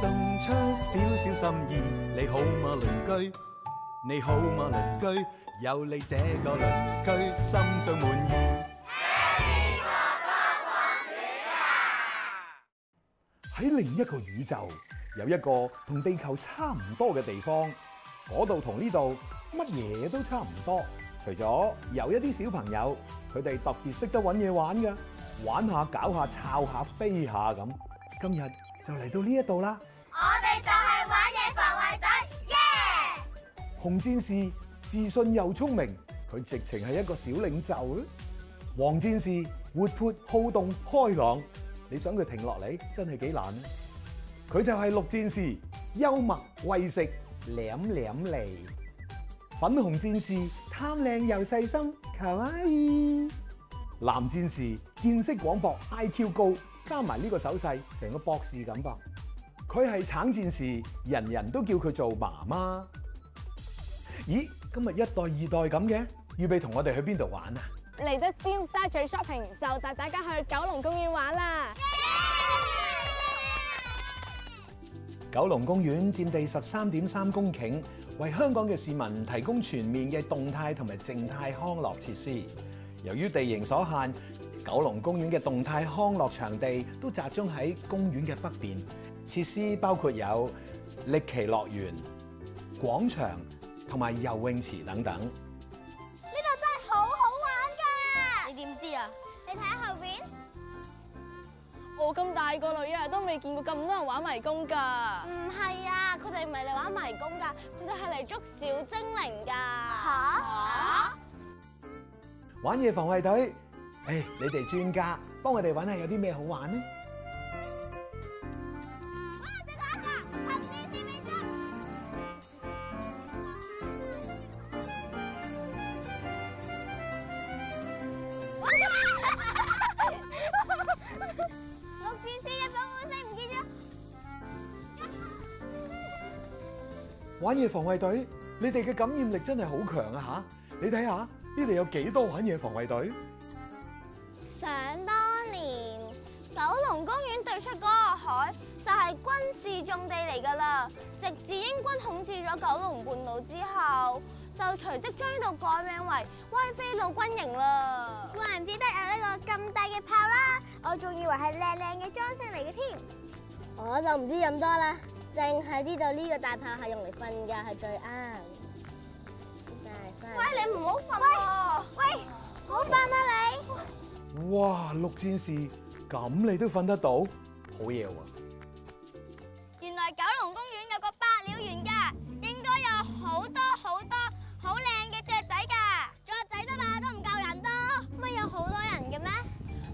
送出少少心意，你好嗎，鄰居？你好嗎，鄰居？有你這個鄰居，心中滿意。喺、啊、另一個宇宙，有一個同地球差唔多嘅地方，嗰度同呢度乜嘢都差唔多，除咗有一啲小朋友，佢哋特別識得搵嘢玩㗎，玩下搞下，抄下，下飛下咁。今日就嚟到呢一度啦。我哋就係玩嘢防衛隊，耶！紅戰士自信又聰明，佢直情係一個小領袖咧。黃戰士活潑好動開朗，你想佢停落嚟真係幾難。佢就係綠戰士，幽默喂食舐舐嚟。粉紅戰士貪靚又細心，卡哇伊。藍戰士見識廣博，IQ 高，加埋呢個手勢，成個博士咁噃。佢係橙戰士，人人都叫佢做媽媽。咦，今日一代二代咁嘅，預備同我哋去邊度玩啊？嚟得尖沙咀 shopping，就帶大家去九龍公園玩啦！Yeah! Yeah! 九龍公園佔地十三點三公頃，為香港嘅市民提供全面嘅動態同埋靜態康樂設施。由於地形所限，九龍公園嘅動態康樂場地都集中喺公園嘅北邊。設施包括有歷奇樂園、廣場同埋游泳池等等。呢度真係好好玩㗎！你點知啊？你睇下後邊。我咁大個女啊，都未見過咁多人玩迷宮噶。唔係啊，佢哋唔係嚟玩迷宮噶，佢哋係嚟捉小精靈噶。嚇嚇！玩嘢防衛隊，唉，你哋專家，幫我哋玩下有啲咩好玩呢？玩嘢防衛隊，你哋嘅感染力真係好強啊！吓，你睇下呢度有幾多玩嘢防衛隊？想當年，九龍公園對出嗰個海就係軍事重地嚟㗎啦。直至英軍統治咗九龍半島之後，就隨即將呢度改名為威菲路軍營啦。怪唔之得有呢個咁大嘅炮啦，我仲以為係靚靚嘅裝飾嚟嘅添。我就唔知咁多啦。淨係知道呢個大炮係用嚟瞓噶，係最啱。喂，你唔好瞓喎！喂，好瞓啊你。哇，綠戰士咁你都瞓得到，好嘢喎！原來九龍公園有個百鳥園噶，應該有好多好多好靚嘅雀仔噶。雀仔得嘛，都唔夠人多。乜有好多人嘅咩？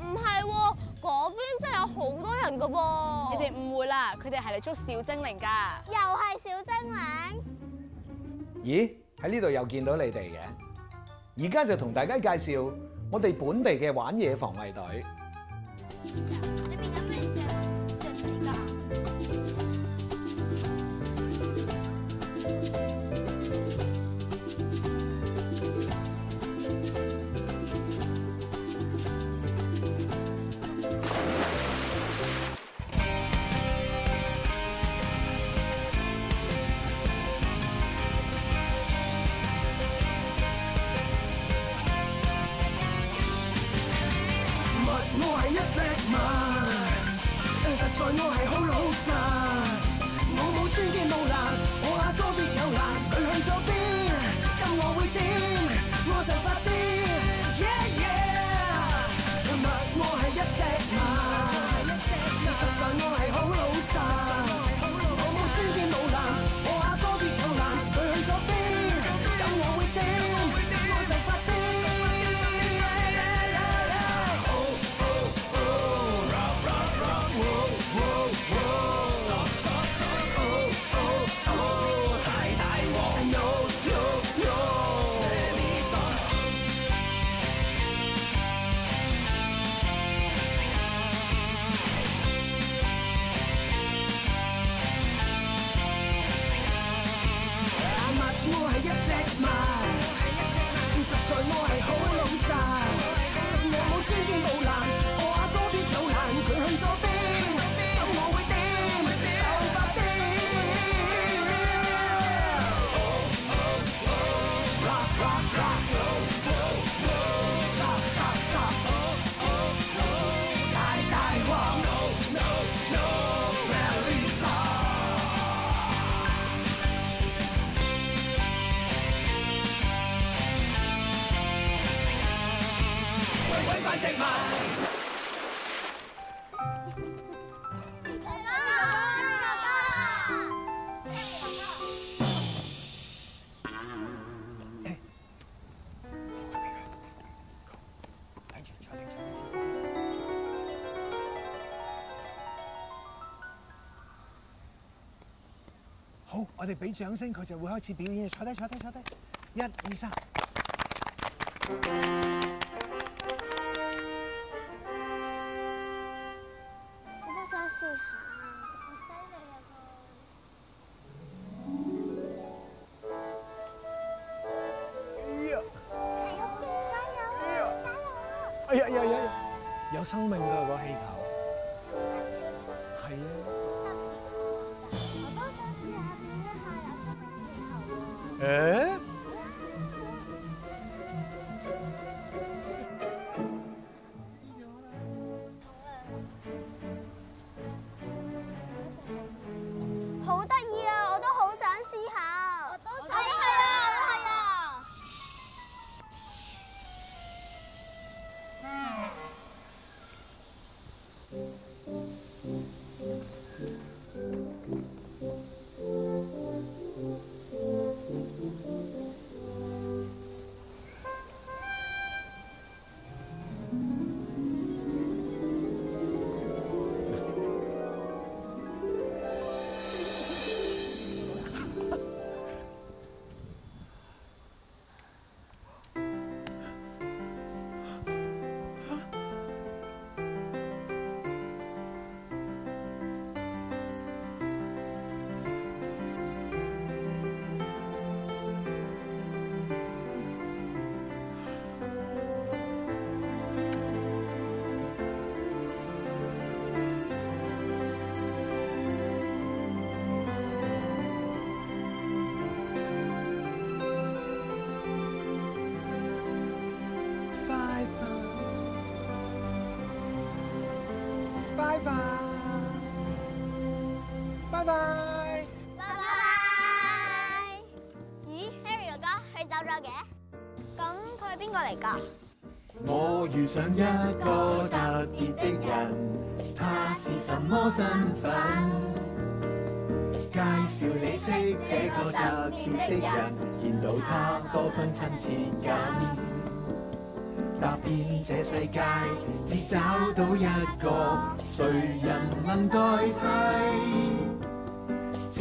唔係喎，嗰邊真係有好多人噶噃。你哋誤會啦，佢哋係嚟捉小精靈㗎，又係小精靈。咦？喺呢度又見到你哋嘅，而家就同大家介紹我哋本地嘅玩嘢防衛隊。我哋俾掌聲，佢就會開始表演。坐低，坐低，坐低，一二三。好多生哎呀！哎呀呀呀，有生命噶個氣球。拜拜，拜拜。咦，Harry 哥哥，你走咗嘅？咁佢係邊個嚟㗎？我遇上一個特別的人，他是什麼身份？介紹你識這個特別的人，見到他多份親切感。踏遍這世界，只找到一個，誰人能代替？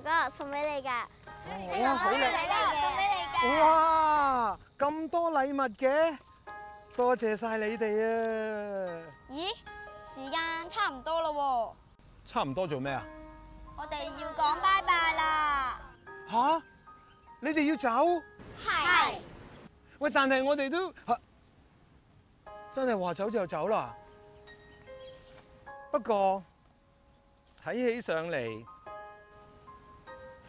哥哥送俾你㗎，送俾你啦！送俾你㗎。哇，咁多禮物嘅，多謝晒你哋啊！咦，時間差唔多咯喎。差唔多做咩啊？我哋要講拜拜啦。吓？你哋要走？係。喂，但係我哋都、啊、真係話走就走啦。不過睇起上嚟。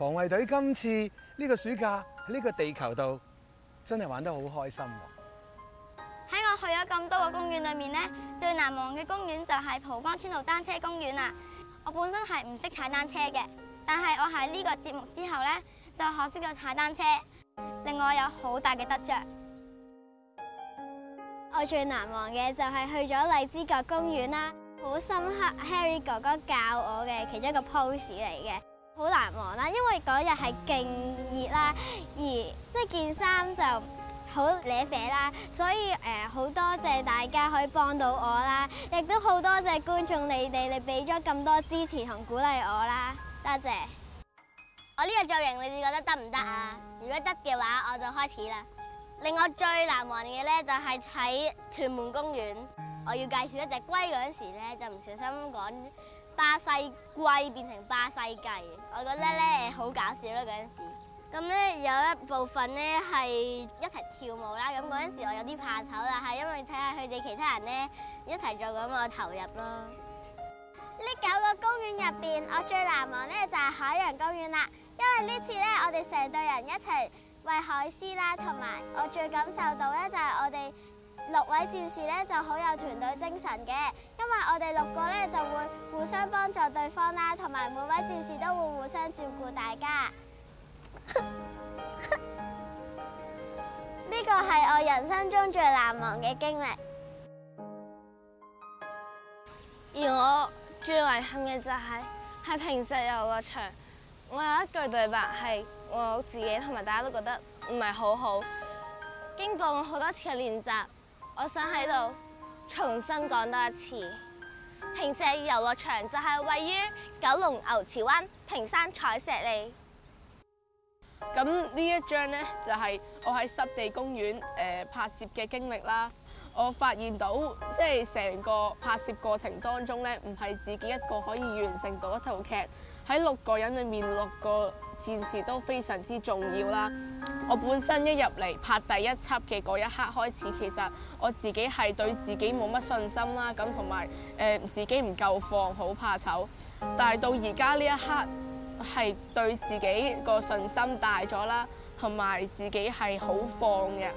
防衛隊今次呢個暑假喺呢個地球度真係玩得好開心喎！喺我去咗咁多個公園裏面呢，最難忘嘅公園就係蒲崗村道單車公園啦。我本身係唔識踩單車嘅，但係我喺呢個節目之後呢，就學識咗踩單車，令我有好大嘅得着。我最難忘嘅就係去咗荔枝角公園啦，好深刻 Harry 哥哥教我嘅其中一個 pose 嚟嘅。好難忘啦，因為嗰日係勁熱啦，而即係件衫，就好扯扯啦，所以誒好多謝大家可以幫到我啦，亦都好多謝觀眾你哋，你俾咗咁多支持同鼓勵我啦，多謝。我呢個造型你哋覺得得唔得啊？如果得嘅話，我就開始啦。令我最難忘嘅咧，就係喺屯門公園，我要介紹一隻龜嗰陣時咧，就唔小心講。巴西龜變成巴西雞，我覺得咧好搞笑啦！嗰陣時咁咧有一部分咧係一齊跳舞啦。咁嗰陣時我有啲怕醜啦，係因為睇下佢哋其他人咧一齊做咁，我投入咯。呢九個公園入邊，我最難忘咧就係海洋公園啦。因為呢次咧，我哋成隊人一齊喂海獅啦，同埋我最感受到咧就係我哋六位戰士咧就好有團隊精神嘅。因為我哋六個咧就會。互相幫助對方啦，同埋每位戰士都會互相照顧大家。呢個係我人生中最難忘嘅經歷。而我最遺憾嘅就係、是，係平石遊樂場，我有一句對白係我自己同埋大家都覺得唔係好好。經過我好多次嘅練習，我想喺度重新講多一次。坪石遊樂場就係位於九龍牛池灣平山彩石里。咁呢一張呢，就係、是、我喺濕地公園誒、呃、拍攝嘅經歷啦。我發現到即係成個拍攝過程當中呢，唔係自己一個可以完成到一套劇，喺六個人裏面六個。戰士都非常之重要啦。我本身一入嚟拍第一輯嘅嗰一刻開始，其實我自己係對自己冇乜信心啦。咁同埋誒自己唔夠放，好怕醜。但係到而家呢一刻係對自己個信心大咗啦，同埋自己係好放嘅，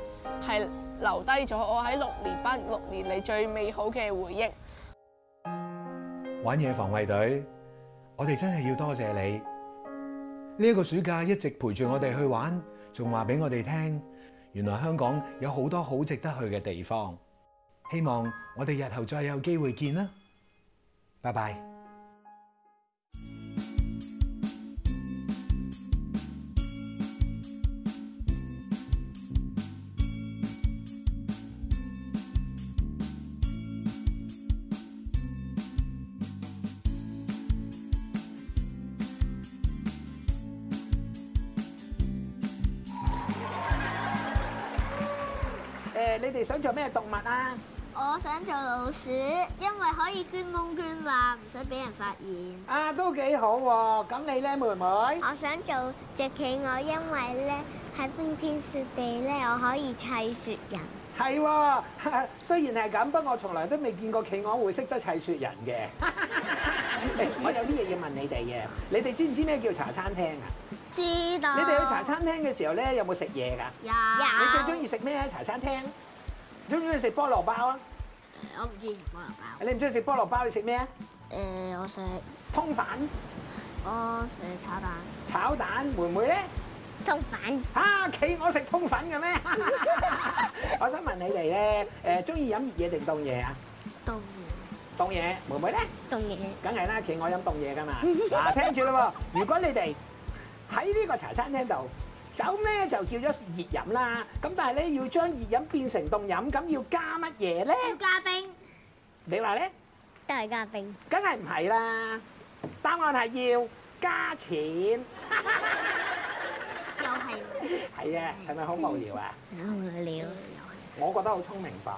係留低咗我喺六年班六年嚟最美好嘅回憶。玩嘢防衛隊，我哋真係要多謝你。呢一個暑假一直陪住我哋去玩，仲話俾我哋聽，原來香港有好多好值得去嘅地方。希望我哋日後再有機會見啦，拜拜。你哋想做咩動物啊？我想做老鼠，因為可以捐窿捐罅，唔使俾人發現。啊，都幾好喎！咁你咧，妹妹？我想做隻企鵝，因為咧喺冰天雪地咧，我可以砌雪人。係，雖然係咁，不過我從來都未見過企鵝會識得砌雪人嘅。我有啲嘢要問你哋嘅，你哋知唔知咩叫茶餐廳啊？知道。你哋去茶餐廳嘅時候咧，有冇食嘢㗎？有。你最中意食咩咧？茶餐廳。中唔中意食菠蘿包啊？我唔知菠蘿包。你唔中意食菠蘿包，你食咩啊？誒，我食通粉。我食炒蛋。炒蛋，妹妹咧？通粉。嚇！企鵝食通粉嘅咩？我想問你哋咧，誒，中意飲熱嘢定凍嘢啊？凍嘢。凍嘢，妹妹咧？凍嘢。梗係啦，企鵝飲凍嘢㗎嘛。嗱，聽住啦喎，如果你哋。喺呢個茶餐廳度，酒咧就叫咗熱飲啦。咁但係你要將熱飲變成凍飲，咁要加乜嘢咧？要加冰。你話咧？都係加冰。梗係唔係啦？答案係要加錢。又係。係啊，係咪好無聊啊？無聊。我覺得好聰明噃。